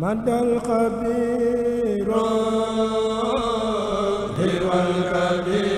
مدى الخبير والكبير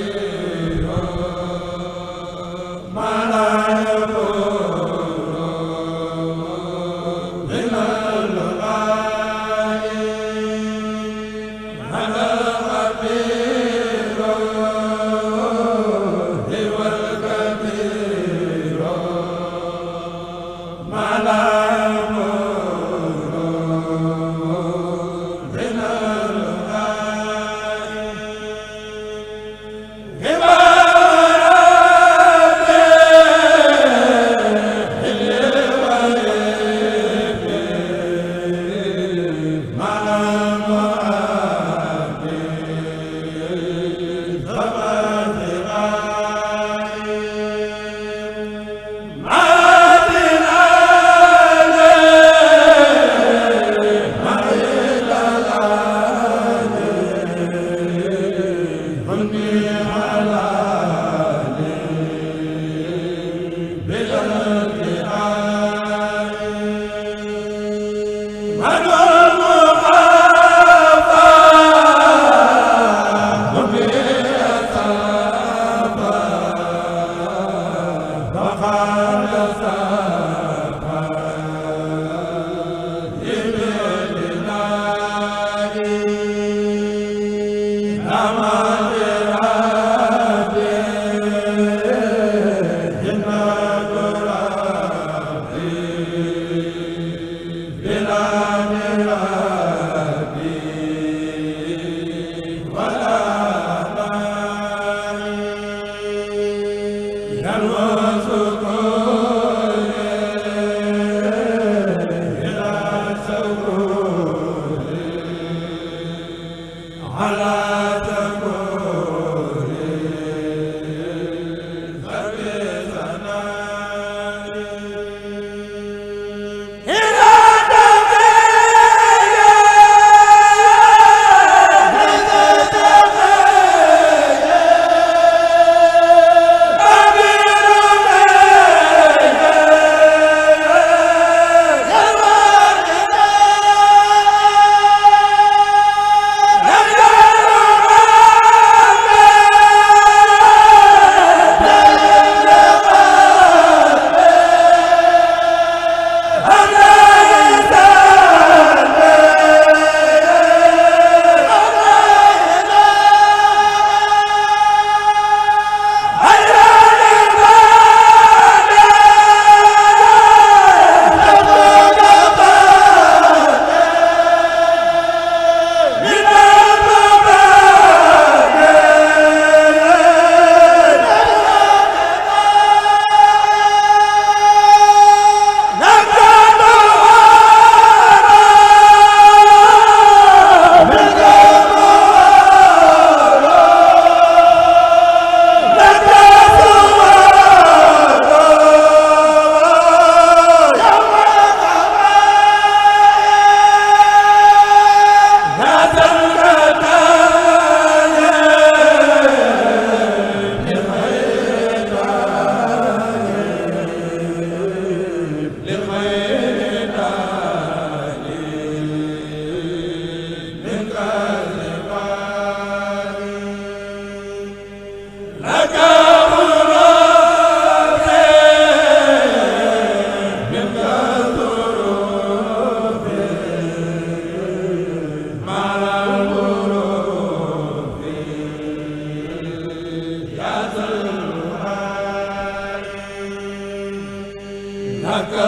Mado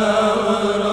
wa